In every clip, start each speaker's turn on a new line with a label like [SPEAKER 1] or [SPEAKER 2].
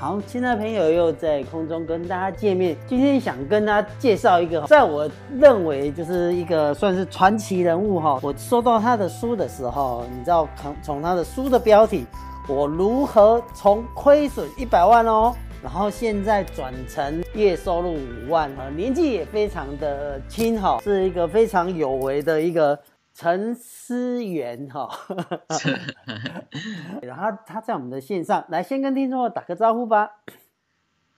[SPEAKER 1] 好，親愛的朋友又在空中跟大家見面。今天想跟大家介紹一個，在我認為就是一個算是傳奇人物哈。我收到他的書的時候，你知道從從他的書的標題“我如何從虧損一百萬哦，然後現在轉成月收入五萬”，年紀也非常的輕，哈，是一個非常有為的一個。陳思源哈，哦、 然後他在我們的線上，來先跟聽眾打個招呼吧。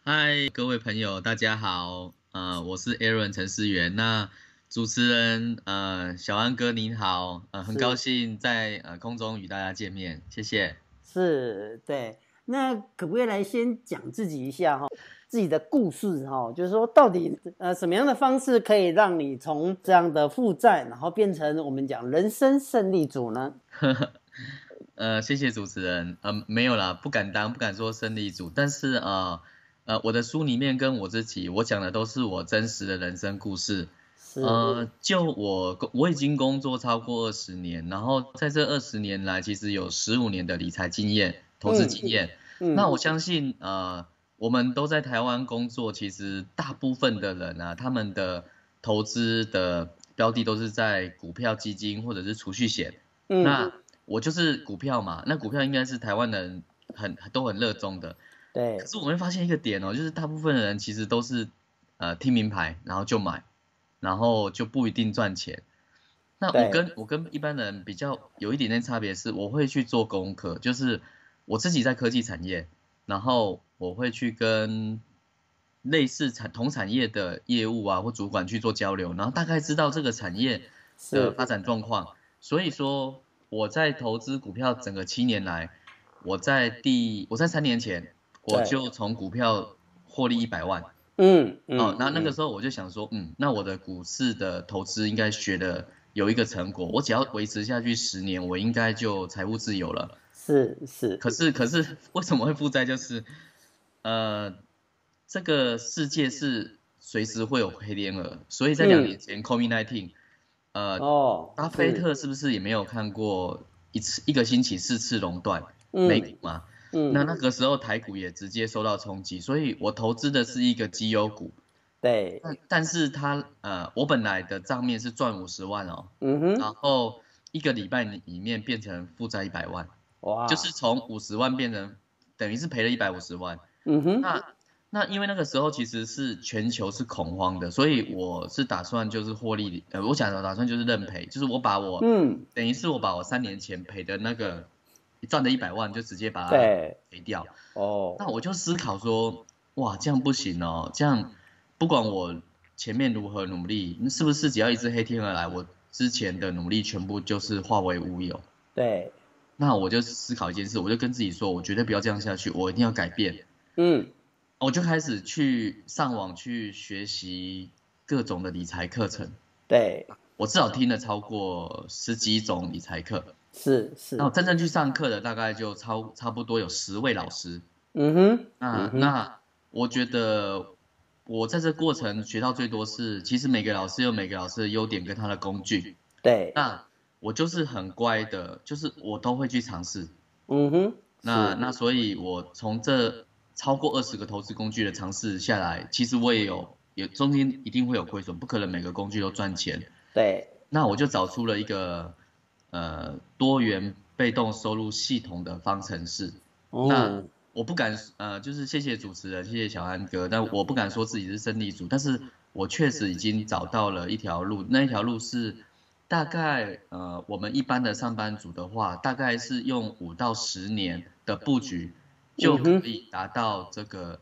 [SPEAKER 2] 嗨，各位朋友，大家好，呃、我是 Aaron 陳思源。那主持人、呃、小安哥您好，呃、是很高興在呃空中與大家見面，謝謝。
[SPEAKER 1] 是，對。那可不可以來先講自己一下哈，自己的故事哈，就是說到底呃什麼樣的方式可以讓你從這樣的負債，然後變成我們講人生勝利組呢？呵
[SPEAKER 2] 呵，呃，謝謝主持人，呃，沒有啦，不敢當，不敢說勝利組，但是啊，呃，呃，我的書裡面跟我自己我講的都是我真實的人生故事，是呃，就我我已經工作超過二十年，然後在這二十年來，其實有十五年的理財經驗。投資經驗，嗯嗯、那我相信呃，我們都在台灣工作，其實大部分的人啊，他們的投資的標的都是在股票基金、或者是儲蓄險。嗯、那我就是股票嘛，那股票應該是台灣人很都很熱衷的。對。可是我會發現一個點哦，就是大部分的人其實都是呃聽明牌然後就買，然後就不一定賺錢。那我跟對我跟一般人比較有一點點差別是，我會去做功課，就是。我自己在科技產業，然後我會去跟類似產同產業的業務啊或主管去做交流，然後大概知道這個產業的發展狀況。是所以說我在投資股票整個七年來，我在第我在三年前對我就從股票獲利一百萬，嗯嗯，嗯哦，那那個時候我就想說，嗯，嗯，那我的股市的投資應該學的有一個成果，我只要維持下去十年，我應該就財務自由了。是是，是可是可是，為什麼會負債？就是，呃，這個世界是隨時會有黑天鵝，所以在兩年前、嗯、，COVID-19，呃，巴、哦、菲特是不是也沒有看過一次是一個星期四次熔斷、嗯、美股嘛？嗯，那那個時候台股也直接受到衝擊，所以我投資的是一個績優股，對，但但是他呃，我本來的賬面是賺五十萬哦，嗯、哼然後一個禮拜裡面變成負債一百萬。哇就是從五十萬變成，等於是賠了一百五十萬。嗯哼。那那因為那個時候其實是全球是恐慌的，所以我是打算就是獲利，呃，我想打算就是認賠，就是我把我，嗯，等於是我把我三年前賠的那個賺的一百萬就直接把它賠掉。哦對。那我就思考說，哇，這樣不行哦，這樣不管我前面如何努力，是不是只要一只黑天鵝來，我之前的努力全部就是化為烏有？對。那我就思考一件事，我就跟自己說，我絕對不要這樣下去，我一定要改變。嗯，我就開始去上網去學習各種的理財課程。對，我至少聽了超過十幾種理財
[SPEAKER 1] 課。是是。是那我真
[SPEAKER 2] 正去上課的大概就超差不多有十位老師。
[SPEAKER 1] 對那嗯哼。那那
[SPEAKER 2] 我覺得我在這過程學到最多是，其實每個老師有每個老師的優點跟他的工具。
[SPEAKER 1] 對。那。
[SPEAKER 2] 我就是很乖的，就是我都會去嘗試。嗯哼，那是那所以，我從這超過二十個投資工具的嘗試下來，其實我也有有中間一定會有虧損，不可能每個工具都賺錢。對。那我就找出了一個呃多元被動收入系統的方程式。哦。那我不敢呃，就是謝謝主持人，謝謝小安哥，但我不敢說自己是勝利組，但是我確實已經找到了一條路，那一條路是。大概呃，我們一般的上班族的話，大概是用五到十年的布局，就可以達到這個、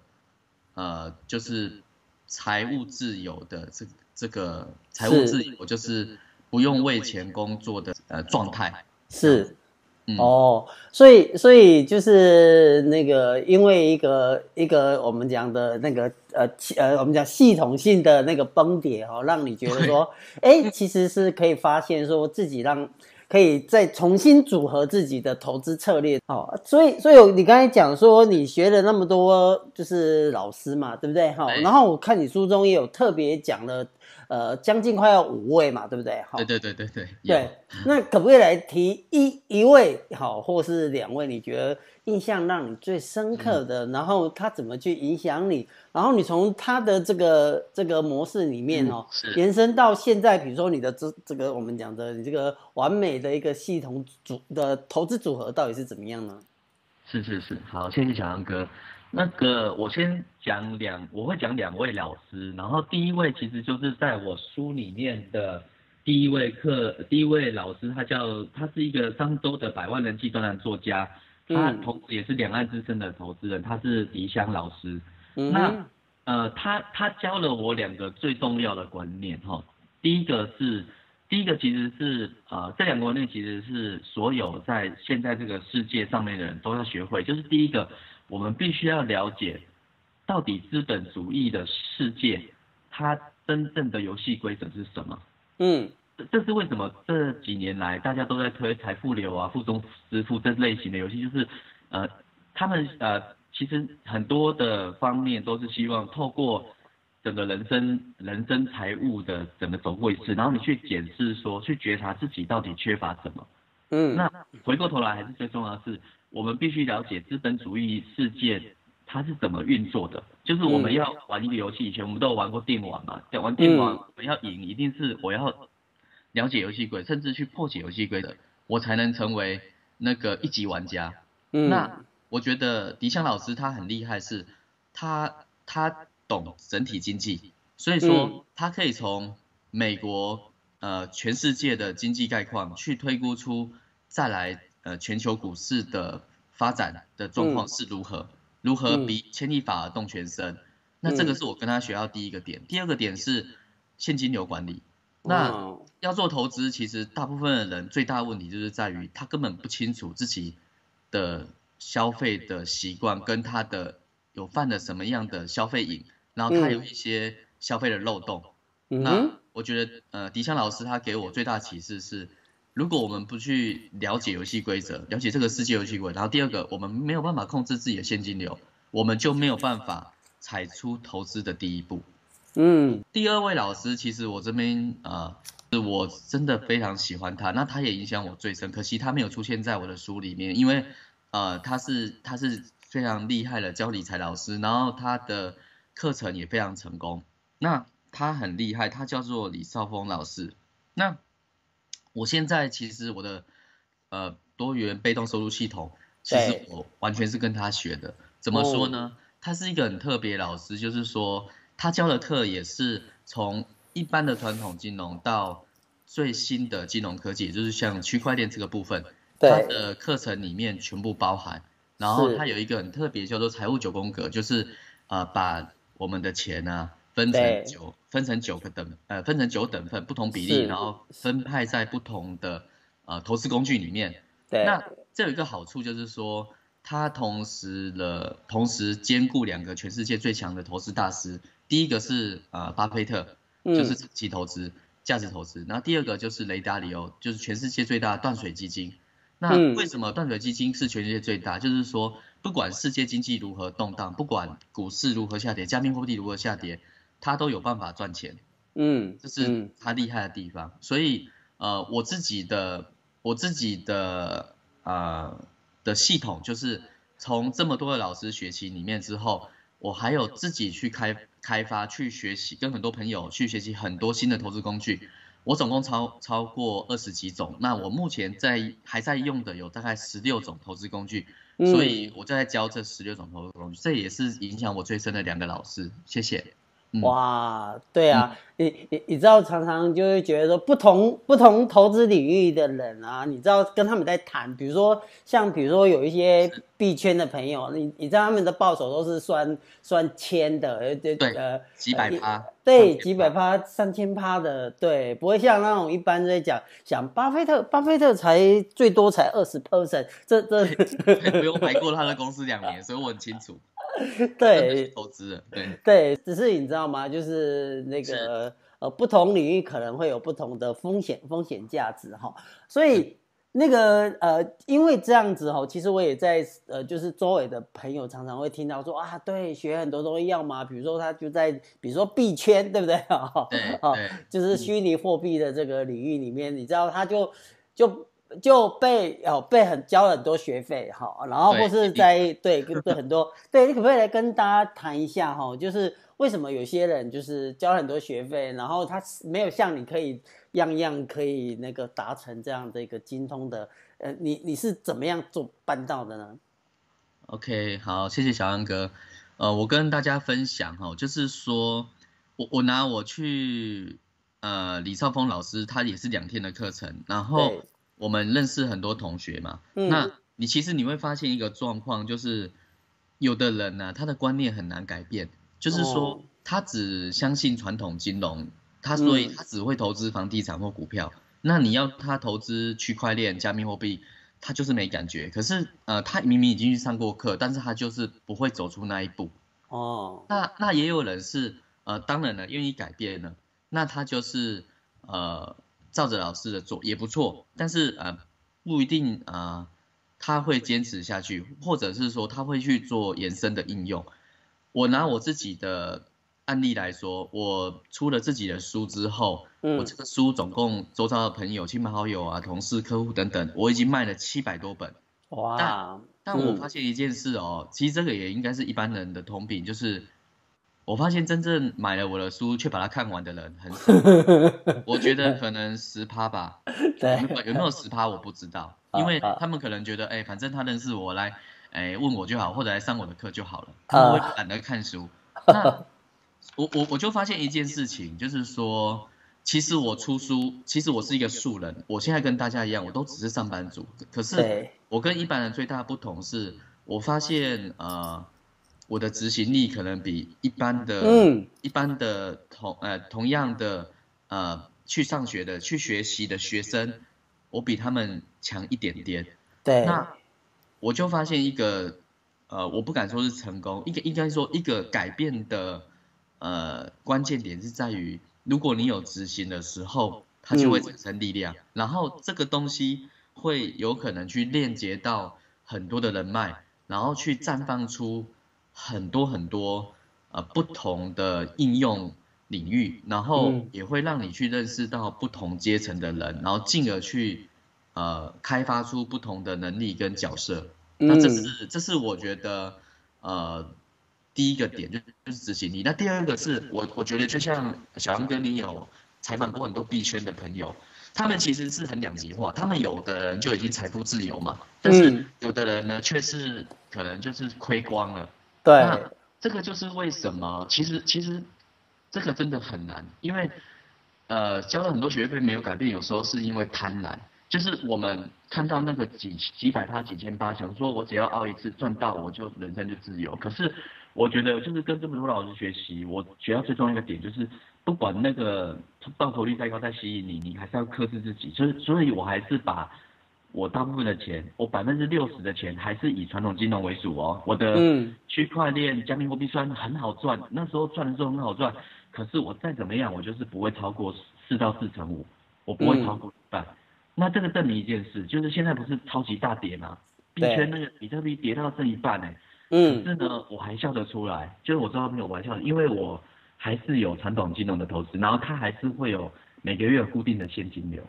[SPEAKER 2] 嗯、哼呃，就是財務自由的這這個、這個、財務自由，就是不用為錢工作的呃狀態。嗯、是。哦，
[SPEAKER 1] 所以所以就是那個，因為一個一個我們講的那個呃呃，我們講系統性的那個崩跌哈，讓你覺得說，欸，其實是可以發現說自己讓可以再重新組合自己的投資策略哦。所以所以你剛才講說你學了那麼多，就是老師嘛，對不對？好，然後我看你書中也有特別講了。呃，將近快要五位嘛，對不對？對對對對對。好對，有那可不可以來提一一位好，或是兩位？你覺得印象讓你最深刻的，嗯、然後他怎麼去影響你？然後你從他的這個這個模式裡面哦，嗯、延伸到現在，比如說你的這這個我們講的你這個完美的一個系統組的投資組合到底是怎麼樣呢？
[SPEAKER 2] 是是是，好，謝謝小楊哥。那個，我先講兩，我會講兩位老師。然後第一位其實就是在我書裡面的第一位課，第一位老師，他叫，他是一個商周的百萬人氣專欄作家，嗯、他同時也是兩岸資深的投資人，他是狄驤老師。嗯、哼那，呃，他他教了我兩個最重要的觀念、哦，哈，第一個是，第一個其實是，呃，這兩個觀念其實是所有在現在這個世界上面的人都要學會，就是第一個。我們必須要了解，到底資本主義的世界，它真正的遊戲規則是什麼？嗯，這這是為什麼這幾年來大家都在推財富流啊、富中之富這類型的遊戲，就是，呃，他們呃，其實很多的方面都是希望透過整個人生、人生財務的整個走過一次，然後你去檢視說，去覺察自己到底缺乏什麼。嗯，
[SPEAKER 1] 那回過頭來還
[SPEAKER 2] 是最重要的是。我們必須了解，資本主義世界它是怎麼運作的，就是我們要玩一個遊戲，以前我們都有玩過電玩嘛，玩電玩，我們要贏一定是我要了解遊戲規則，甚至去破解遊戲規則，我才能成為那個一級玩家。那、嗯、我覺得迪香老師他很厲害是，是他他懂整體經濟，所以說他可以從美國呃全世界的經濟概況去推估出再來。全球股市的發展的狀況是如何？
[SPEAKER 1] 如何比
[SPEAKER 2] 牽一髮而動全身？那這個是我跟他學到第一個點。第二個點是現金流管理。那要做投資，其實大部分的人最大問題就是在於他根本不清楚自己的消費的習慣，跟他的有犯了什麼樣的消費癮，然後他有一些消費的漏洞、
[SPEAKER 1] 嗯。嗯、那
[SPEAKER 2] 我覺得，呃，迪香老師他給我最大啟示是。如果我們不去了解遊戲規則，了解這個世界遊戲規則，然後第二個，我們沒有辦法控制自己的現金流，我們就沒有辦法踩出投資的第一步。嗯，第二位老師，其實我這邊呃，是我真的非常喜歡他，那他也影響我最深。可惜他沒有出現在我的書裡面，因為呃，他是他是非常厲害的教理財老師，然後他的課程也非常成功。那他很厲害，他叫做李少峰老師。那我現在其實我的呃多元被動收入系統，其實我完全是跟他學的。對 怎麼說呢？哦、他是一個很特別老師，就是說他教的課也是從一般的傳統金融到最新的金融科技，也就是像區塊鏈這個部分，對 他的課程裡面全部包含。然後他有一個很特別叫做財務九宮格，就是呃把我們的錢呢、啊。分成九分成九個等呃分成九等份，不同比例，是然後分派在不同的呃投資工具裡面。對那這有一個好處就是說，它同時了同時兼顧兩個全世界最強的投資大師。第一個是呃巴菲特，er, 就是長期投資價、嗯、值投資。然後第二個就是雷達里歐就是全世界最大的斷水基金。那為什麼斷水基金是全世界最大？嗯、就是說，不管世界經濟如何動盪，不管股市如何下跌，加密貨幣如何下跌。他都有辦法賺錢。嗯，嗯，這是他厲害的地方。所以，呃，我自己的我自己的呃的系統，就是從這麼多的老師學習裡面之後，我還有自己去開開發、去學習，跟很多朋友去學習很多新的投資工具。我總共超超過二十幾種。那我目前在還在用的有大概十六種投資工具，所以我就在教這十六種投資工具，嗯。這也是影響我最深的兩個老師。謝謝。
[SPEAKER 1] 嗯、哇，對啊，嗯、你你你知道常常就會覺得說不，不同不同投資領域的人啊，你知道跟他們在談，比如說像比如說有一些幣圈的朋友，你是你知道他們的報酬都是算算千的，對呃對呃幾百趴，對、呃、幾百趴三千趴的，對，不會像那種一般人在講，像巴菲特，巴菲特才最多才二十 percent，這這不用排
[SPEAKER 2] 過他的公司兩年， 所以我很清楚。
[SPEAKER 1] 對，投
[SPEAKER 2] 資，
[SPEAKER 1] 對對，只是你知道嗎？就是那個是呃，不同領域可能會有不同的風險風險價值哈，所以對那個呃，因為這樣子哈，其實我也在呃，就是周圍的朋友常常會聽到說啊，對，學很多東西要嘛，比如說他就在比如說幣圈，對不對哈，對啊，就是虛擬貨幣的這個領域裡面，嗯、你知道他就就。就被哦，被很交了，很多學費哈，然後或是在對對， 對，很多對，你可不可以來跟大家談一下哈、哦，就是為什麼有些人就是交很多學費，然後他沒有像你可以樣樣可以那個達成這樣的一個精通的，呃，你你是怎麼樣做辦到的呢
[SPEAKER 2] ？OK，好，謝謝小楊哥，呃，我跟大家分享哈、哦，就是說我我拿我去呃李少峰老師，他也是兩天的課程，然後。我們認識很多同學嘛，嗯、那你其實你會發現一個狀況，就是有的人呢、啊，他的觀念很難改變，就是說、哦、他只相信傳統金融，他所以他只會投資房地產或股票，嗯、那你要他投資區塊鏈、加密貨幣，他就是沒感覺。可是呃，他明明已經去上過課，但是他就是不會走出那一步。哦，那那也有人是呃，當然了，願意改變了，那他就是呃。照着老師的做也不錯，但是呃，不一定啊、呃，他會堅持下去，或者是說他會去做延伸的應用。我拿我自己的案例來說，我出了自己的書之後，嗯、我這個書總共，周遭的朋友、親朋好友啊、同事、客戶等等，我已經賣了七百多本。哇！但，
[SPEAKER 1] 但我發
[SPEAKER 2] 現一件事哦，嗯、其實這個也應該是一般人的通病，就是。我發現真正買了我的書卻把它看完的人很少， 我覺得可能十趴吧 有有，有沒有十趴我不知道，因為他們可能覺得，欸、反正他認識我來，哎、欸，問我就好，或者來上我的課就好了，他們會懶得看書。
[SPEAKER 1] 那
[SPEAKER 2] 我我我就發現一件事情，就是說，其實我出書，其實我是一個素人，我現在跟大家一樣，我都只是上班族。可是我跟一般人最大的不同是，我發現呃。我的執行力可能比一般的，嗯、一般的同呃同樣的呃去上學的，去學習的學生，我比他們強一點點。對，那我就發現一個，呃，我不敢說是成功，應該應該說一個改變的，呃，關鍵點是在於，如果你有執行的時候，它就會產生力量，嗯、然後這個東西會有可能去鏈接到很多的人脈，然後去綻放出。很多很多呃不同的應用領域，然後也會讓你去認識到不同階層的人，嗯、然後進而去呃開發出不同的能力跟角色。嗯、
[SPEAKER 1] 那這
[SPEAKER 2] 是這是我覺得呃第一個點就就是執行力。那第二個是我我覺得就像小楊哥你有採訪過很多幣圈的朋友，他們其實是很兩極化，他們有的人就已經財富自由嘛，但
[SPEAKER 1] 是
[SPEAKER 2] 有的人呢卻是可能就是虧光了。嗯嗯。對那這個就是為什麼？其實其實，這個真的很難，因為呃交了很多學費沒有改變，有時候是因為貪婪，就是我們看到那個幾幾百趴幾千趴，想說我只要熬一次賺到我就人生就自由。可是我覺得就是跟這麼多老師學習，我學到最重要一個點就是，不管那個報酬率再高再吸引你，你還是要克制自己。所以所以我還是把，我大部分的錢，我百分之六十的錢還是以傳統金融為主哦。我的區塊鏈加密貨幣雖然很好賺，嗯、那時候賺的時候很好賺，可是我再怎麼樣，我就是不會超過四到四成五，
[SPEAKER 1] 我不會超過
[SPEAKER 2] 一半。嗯、那這個證明一件事，就是現在不是超級大跌嗎？
[SPEAKER 1] 幣圈那
[SPEAKER 2] 個比特幣跌到剩一半。哎、欸，嗯，可是呢，我還笑得出來，就是我知道沒有玩笑，因為我還是有傳統金融的投資，然後它還是會有每個月固定的現金流。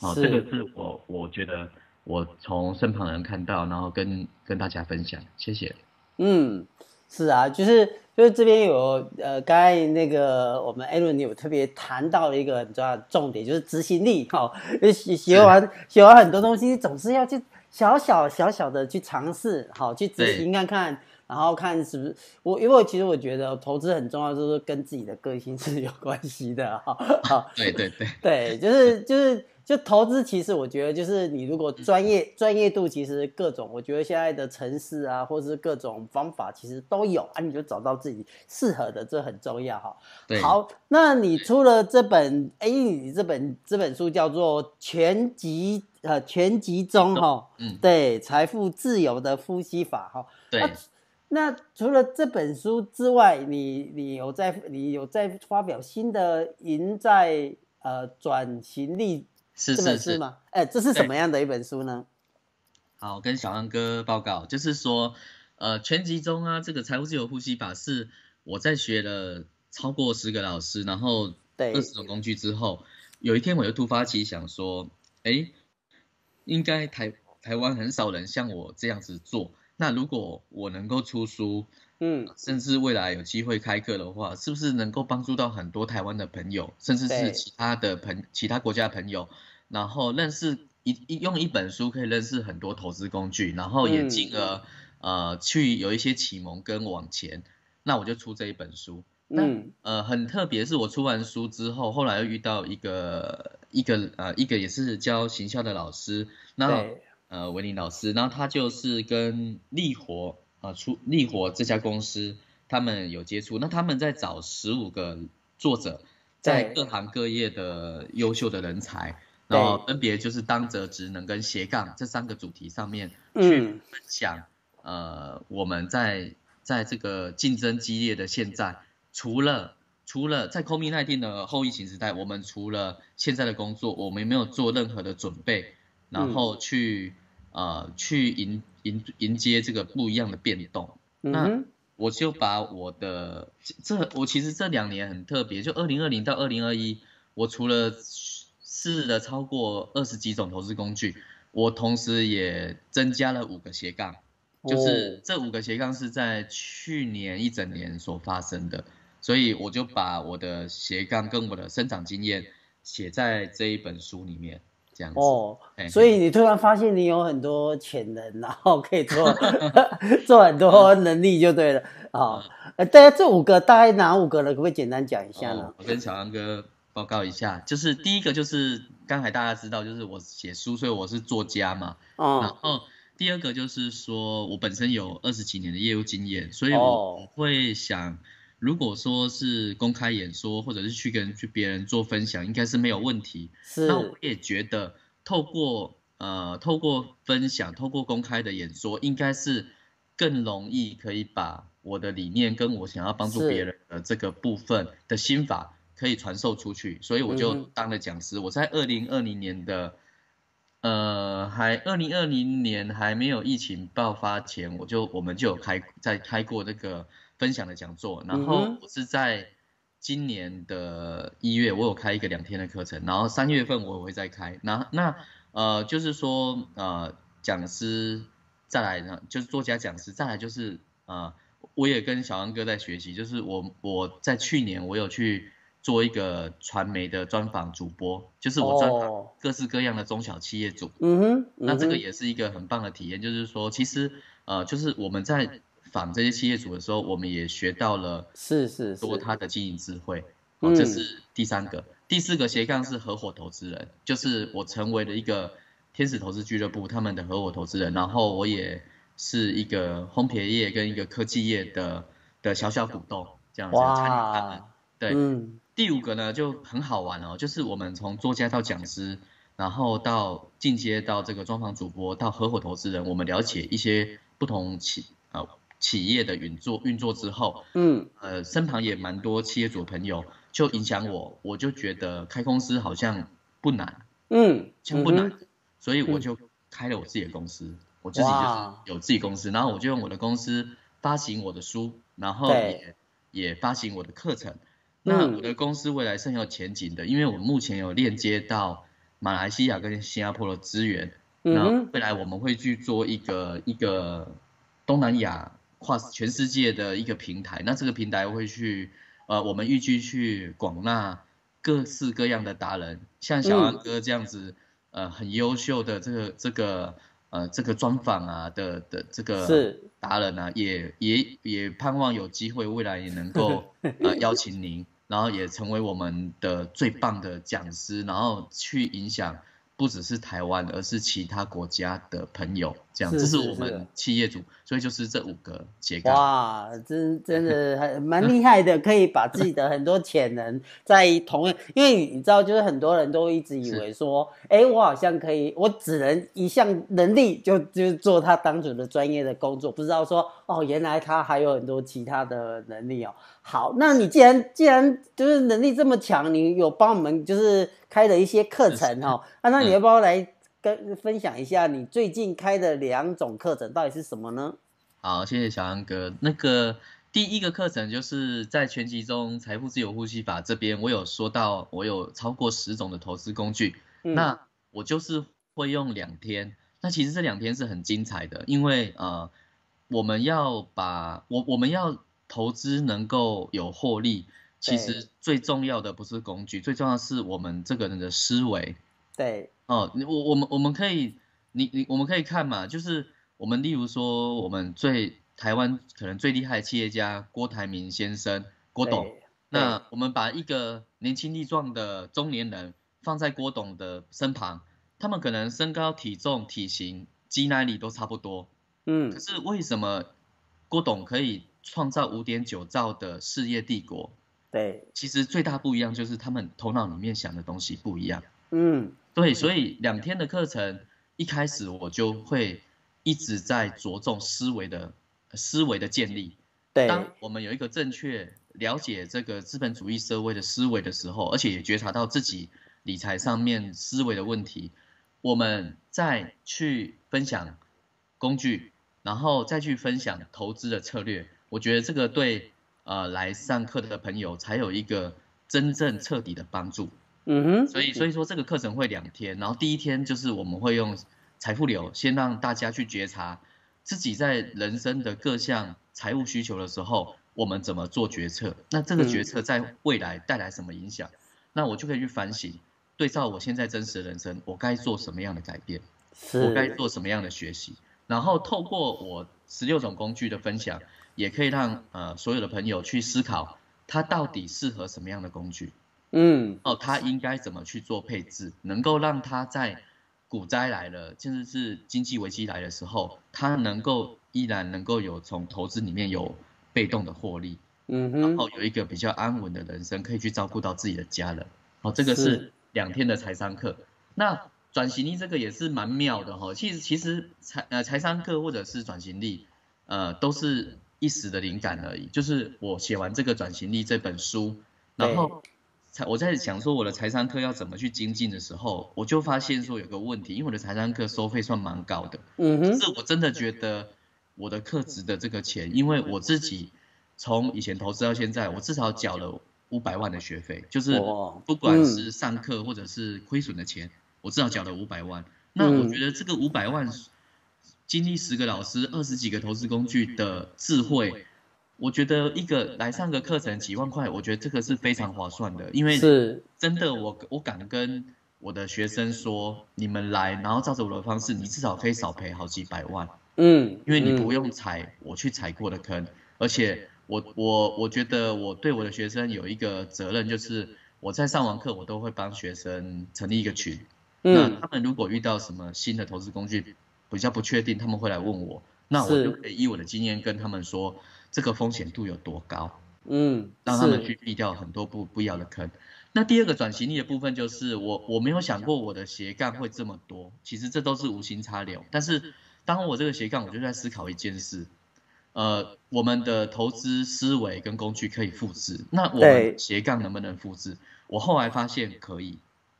[SPEAKER 2] 哦，是這個是我我覺得我從身旁的人看到，然後跟跟大家分享，謝謝。
[SPEAKER 1] 嗯，是啊，就是就是這邊有呃，剛才那個我們艾倫有特別談到了一個很重要的重點，就是執行力。哈、哦，學學完是學完很多東西，你總是要去小小小小小的去嘗試，好、哦、去執行看看，對然後看是不是我，因為我其實我覺得投資很重要，就是跟自己的個性是有關係的。哈、哦，哦、對對對，對，就是就是。就投資，其實我覺得就是你如果專業專、嗯、業度，其實各種我覺得現在的城市啊，或是各種方法，其實都有啊。你就找到自己適合的，這很重要哈。對好，那你出了這本，哎、欸，你這本這本書叫做《全集》呃，《全集中》哈。嗯。對財富自由的呼吸法哈對。那除了這本書之外，你你有在你有在發表新的贏在呃轉型力。是是是
[SPEAKER 2] 嗎？哎、欸，這是什麼樣的一本書呢？好，跟小安哥報告，就是說，呃，全集中啊，這個財務自由呼吸法是我在學了超過十個老師，然後二十種工具之後，對有一天我又突發奇想說，哎、欸，應該台台灣很少人像我這樣子做，那如果我能夠出書，嗯，甚至未來有機會開課的話，是不是能夠幫助到很多台灣的朋友，甚至是其他的朋對其他國家的朋友？然後認識一一用一本書可以認識很多投資工具，然後也進而、嗯、呃去有一些啟蒙跟往前。那我就出這一本書。嗯。那呃很特別，是我出完書之後，後來又遇到一個一個呃一個也是教行銷的老師，那對呃文林老師，然後他就是跟立活，呃，出立活這家公司，他們有接觸。那他們在找十五個作者，
[SPEAKER 1] 在各
[SPEAKER 2] 行各業的優秀的人才。然後分別就是當責職能跟斜槓這三個主題上面去分享，嗯、呃，我們在在這個競爭激烈的現在，除了除了在 COVID-19 的後疫情時代，我們除了現在的工作，我們也沒有做任何的準備，然後去、嗯、呃去迎迎迎接這個不一樣的變動。嗯、那我就把我的這我其實這兩年很特別，就二零二零到二零二一，我除了是的，超過二十幾種投資工具，我同時也增加了五個斜槓，就是這五個斜槓是在去年一整年所發生的，所以我就把我的斜槓跟我的生長經驗寫在這一本書裡面，這樣子。哦，所以
[SPEAKER 1] 你突然發現你有很多潛能，然後可以做 做很多能力就對了。好、嗯哦呃，大家這五個大概哪五個呢？可不可以簡單講一下呢？哦、
[SPEAKER 2] 我跟小楊哥報告一下，就是第一個就是剛才大家知道，就是我寫書，所以我是作家嘛。哦。然後第二個就是說，我本身有二十幾年的業務經驗，所以我會想，如果說是公開演說，或者是去跟去別人做分享，應該是沒有問題。是。那我也覺得，透過呃，透過分享，透過公開的演說，應該是更容易可以把我的理念跟我想要幫助別人的這個部分的心法。可以傳授出去，所以我就當了講師。我在二零二零年的，呃，還二零二零年還沒有疫情爆發前，我就我們就有開在開過這個分享的講座。然後我是在今年的一月，我有開一個兩天的課程。然後三月份我也會再開。那那呃，就是說呃，講師再來呢，就是作家講師再來，就是、就是、呃，我也跟小安哥在學習。就是我我在去年我有去。做一個傳媒的專訪主播，就是我專訪各式各樣的中小企業主。嗯、oh. mm hmm.
[SPEAKER 1] mm hmm. 那這個也
[SPEAKER 2] 是一個很棒的體驗，就是說，其實呃，就是我們在訪這些企業主的時候，我們也學到了是是多他的經營智慧，這、mm hmm. 哦，就是第三個、mm hmm. 第四個斜槓是合夥投資人，就是我成為了一個天使投資俱樂部他們的合夥投資人，然後我也是一個烘焙業跟一個科技業的的小小股東，這樣參與他們 Wow. 對。Mm hmm. 第五個呢，就很好玩哦，就是我們從作家到講師，然後到進階到這個專訪主播，到合夥投資人，我們了解一些不同企呃企業的運作運作之後，嗯，呃，身旁也蠻多企業主的朋友，就影響我，我就覺得開公司好像不難，嗯，像不難，嗯、所以我就開了我自己的公司，嗯、我自己就是有自己公司，哇然後我就用我的公司發行我的書，然後也對也發行我的課程。那我的公司未來是很有前景的，嗯、因為我們目前有鏈接到馬來西亞跟新加坡的資源。嗯、然後未來我們會去做一個一個東南亞跨全世界的一個平台。那這個平台會去呃，我們預計去廣納各式各樣的達人，像小安哥這樣子，呃，很優秀的這個這個呃這個專訪啊的的這個。呃這個啊這個、是。達人呢、啊，也也也盼望，有機會未來也能夠 呃邀請您，然後也成為我們的最棒的講師，然後去影響不只是台灣，而是其他國家的朋友。這樣，這是我們企業主，是是是，所以就是這五個結構。哇，
[SPEAKER 1] 真真的還蠻厲害的， 可以把自己的很多潛能，在同樣，因為你知道，就是很多人都一直以為說，哎是、欸，我好像可以，我只能一項能力就就做他當主的專業的工作，不知道說哦，原來他還有很多其他的能力哦。好，那你既然既然就是能力這麼強，你有幫我們就是開了一些課程哦，那是、啊、那你要幫我來？嗯跟分享一下你最近開的兩種課程到底是什麼呢？
[SPEAKER 2] 好，謝謝小楊哥。那個第一個課程就是在全集中財富自由呼吸法這邊，我有說到我有超過十種的投資工具，嗯。那我就是會用兩天。那其實這兩天是很精彩的，因為呃，我們要把我我們要投資能夠有獲利，其實最重要的不是工具，最重要的是我們這個人的思維。對。哦，我我們我們可以，你你我們可以看嘛，就是我們例如說，我們最台灣可能最厲害的企業家郭台銘先生郭董，欸、那我們把一個年輕力壯的中年人放在郭董的身旁，他們可能身高、體重、體型、肌耐力都差不多，嗯，可是為什麼郭董可以創造五點九兆的事業帝國？嗯、對，其實最大不一樣就是他們頭腦裡面想的東西不一樣，嗯。對，所以兩天的課程一開始我就會一直在着重思維的思維的建立。對，當我們有一個正確了解這個資本主義社會的思維的時候，而且也覺察到自己理財上面思維的問題，我們再去分享工具，然後再去分享投資的策略，我覺得這個對呃來上課的朋友才有一個真正徹底的幫助。嗯哼，mm hmm. 所以所以說這個課程會兩天，然後第一天就是我們會用財富流先讓大家去覺察自己在人生的各項財務需求的時候，我們怎麼做決策？那這個決策在未來帶來什麼影響？Mm hmm. 那我就可以去反省，對照我現在真實的人生，我該做什麼樣的改變？是我該做什麼樣的學習？然後透過我十六種工具的分享，也可以讓呃所有的朋友去思考，它到底適合什麼樣的工具？嗯，哦，他應該怎麼去做配置，能夠讓他在股災來了，甚至是經濟危機來的時候，他能夠依然能夠有從投資裡面有被動的獲利，嗯哼，然後有一個比較安穩的人生，可以去照顧到自己的家人。哦，這個是兩天的財商課，是那轉型力這個也是蠻妙的哈、哦。其實，其實財呃財商課或者是轉型力，呃，都是一時的靈感而已。就是我寫完這個轉型力這本書，然後。我在想說我的財商課要怎麼去精進的時候，我就發現說有個問題，因為我的財商課收費算蠻高的，嗯哼，可是我真的覺得我的課值的這個錢，因為我自己從以前投資到現在，我至少繳了五百萬的學費，就是不管是上課或者是虧損的錢，我至少繳了五百萬。那我覺得這個五百萬，經歷十個老師、二十幾個投資工具的智慧。我覺得一個來上個課程幾萬塊，我覺得這個是非常划算的，因為是真的我，我是我敢跟我的學生說，你們來，然後照着我的方式，你至少可以少賠好幾百萬，嗯，因為你不用踩我去踩過的坑，嗯、而且我我我覺得我對我的學生有一個責任，就是我在上完課，我都會幫學生成立一個群，嗯、那他們如果遇到什麼新的投資工具比較不確定，他們會來問我，那我就可以以我的經驗跟他們說。這個風險度有多高？
[SPEAKER 1] 嗯，讓他們去
[SPEAKER 2] 避掉很多不不要的坑。那第二個轉型力的部分就是我我沒有想過我的斜槓會這麼多，其實這都是無心插柳。但是當我這個斜槓，我就在思考一件事，呃，我們的投資思維跟工具可以複製，那我們斜槓能不能複製？我後來發現可以，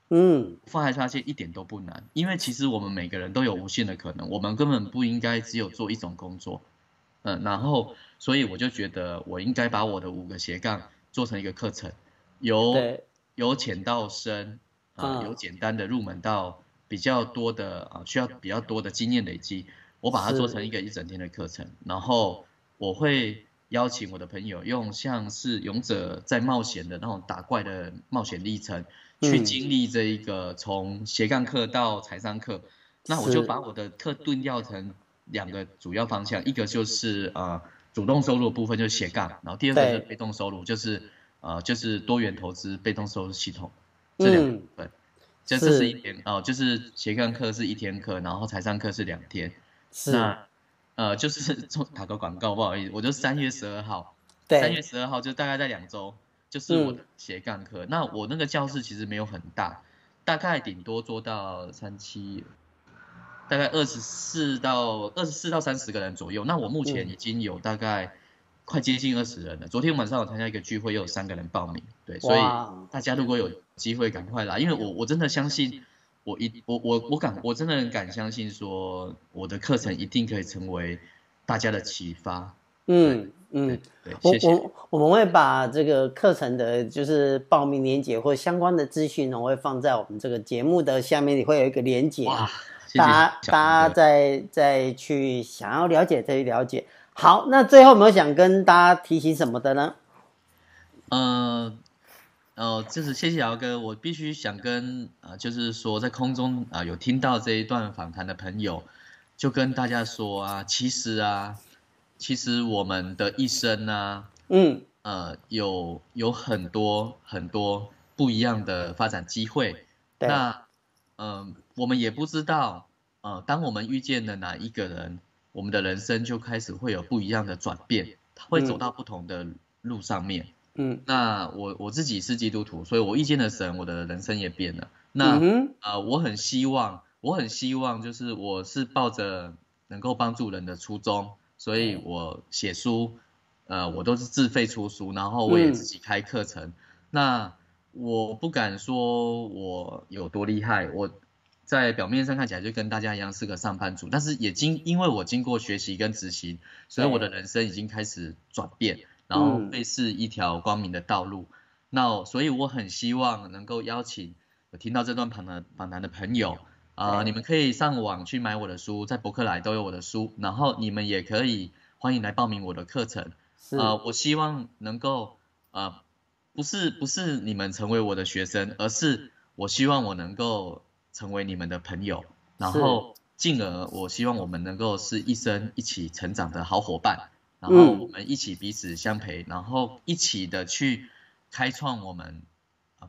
[SPEAKER 2] 嗯，後來發現一點都不難，因為其實我們每個人都有無限的可能，我們根本不應該只有做一種工作。嗯，然後，所以我就覺得我應該把我的五個斜槓做成一個課程，由對由淺到深、呃、啊，由簡單的入門到比較多的啊、呃，需要比較多的經驗累積，我把它做成一個一整天的課程。是然後我會邀請我的朋友用像是勇者在冒險的那種打怪的冒險歷程，嗯、去經歷這一個從斜槓課到財商課，是那我就把我的課盾掉成。兩個主要方向，一個就是呃主動收入的部分就是斜槓，然後第二個是被動收入，對就是呃就是多元投資被動收入系統這
[SPEAKER 1] 兩
[SPEAKER 2] 個部分。嗯。這是，一是。哦、呃，就是斜槓課是一天課，然後財商課是兩天。是。啊，呃就是打個廣告不好意思，我就三月十二號，對，三月十二號就大概在兩周，就是我的斜槓課。嗯、那我那個教室其實沒有很大，大概頂多坐到三七。大概二十四到二十四到三十個人左右。那我目前已經有大概快接近二十人了。嗯、昨天晚上我參加一個聚會，又有三個人報名。對，哇所以大家如果有機會，趕快來，因為我我真的相信我，我一我我我敢，我真的很敢相信，說我的課程一定可以成為大家的啟發。嗯嗯對，
[SPEAKER 1] 對，謝謝。我我我們會把這個課程的，就是報名鏈接或相關的資訊呢，我會放在我們這個節目的下面，你會有一個鏈接。大家，謝謝大家再再去想要了解，再去了解。好，那最後有沒有想跟大家提醒什麼的呢？
[SPEAKER 2] 呃，呃，就是謝謝姚哥，我必須想跟啊、呃，就是說在空中啊、呃、有聽到這一段訪談的朋友，就跟大家說啊，其實啊，其實我們的一生呢、啊，
[SPEAKER 1] 嗯，
[SPEAKER 2] 呃，有有很多很多不一樣的發展機會。對那，嗯、呃。我們也不知道，呃，當我們遇見了哪一個人，我們的人生就開始會有不一樣的轉變，他會走到不同的路上面。嗯，嗯，那我我自己是基督徒，所以我遇見了神，我的人生也變了。那呃，我很希望，我很希望，就是我是抱着能夠幫助人的初衷，所以我寫書，呃，我都是自費出書，然後我也自己開課程。嗯，那我不敢說我有多厲害，我。在表面上看起來就跟大家一樣是個上班族，但是也經因為我經過學習跟執行，所以我的人生已經開始轉變，對然後類似一條光明的道路。嗯、那所以我很希望能夠邀請我聽到這段訪談訪談的朋友啊，呃、對你們可以上網去買我的書，在博客來都有我的書，然後你們也可以歡迎來報名我的課程。啊、呃，我希望能夠啊、呃，不是不是你們成為我的學生，而是我希望我能夠。成為你們的朋友，然後進而我希望我們能夠是一生一起成長的好夥伴，然後我們一起彼此相陪，然後一起的去開創我們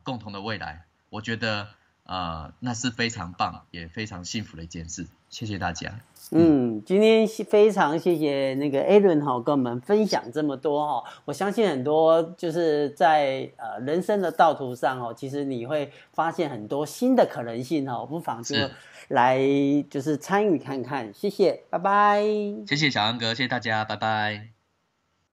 [SPEAKER 2] 共同的未來。我覺得。啊、呃，那是非常棒也非常幸福的一件事，謝謝大家。
[SPEAKER 1] 嗯，嗯今天非常謝謝那個 Aarron 哈，跟我們分享這麼多哈、哦，我相信很多就是在呃人生的道途上、哦、其實你會發現很多新的可能性、哦、不妨就來就是參與看看。是謝謝，拜拜。
[SPEAKER 2] 謝謝小安哥，謝謝大家，拜拜。